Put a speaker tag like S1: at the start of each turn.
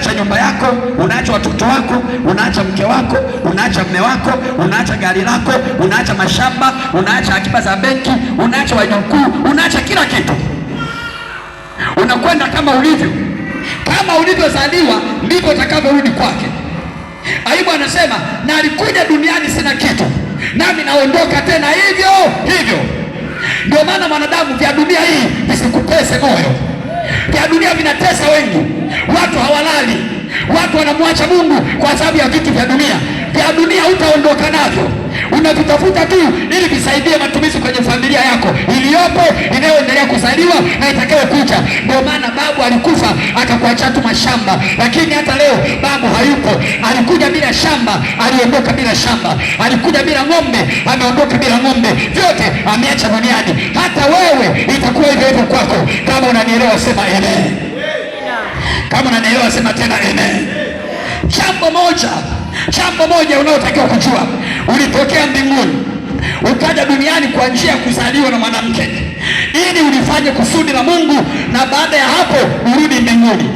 S1: unaacha nyumba yako, unaacha watoto wako, unaacha mke wako, unaacha mme wako, unaacha gari lako, unaacha mashamba, unaacha akiba za benki, unaacha wajukuu, unaacha kila kitu, unakwenda kama ulivyo. Kama ulivyozaliwa ndivyo utakavyorudi kwake. Ayubu anasema na alikuja duniani sina kitu, nami naondoka tena hivyo hivyo. Ndio maana mwanadamu, vya dunia hii visikupese moyo, vya dunia vinatesa wengi imani. Watu wanamwacha Mungu kwa sababu ya vitu vya dunia. Vya dunia hutaondoka navyo, unavitafuta tu ili visaidie matumizi kwenye familia yako iliyopo, inayoendelea kuzaliwa na itakayokuja. Ndio maana babu alikufa akakuacha tu mashamba, lakini hata leo babu hayupo. Alikuja bila shamba, aliondoka bila shamba. Alikuja bila ng'ombe, ameondoka bila ng'ombe. Vyote ameacha duniani. Hata wewe itakuwa hivyo hivyo kwako, kama unanielewa, sema amen. Kama unanielewa sema tena amen. Jambo moja, jambo moja unaotakiwa kujua, ulitokea mbinguni ukaja duniani kwa njia ya kuzaliwa na mwanamke ili ulifanye kusudi la Mungu, na baada ya hapo urudi mbinguni.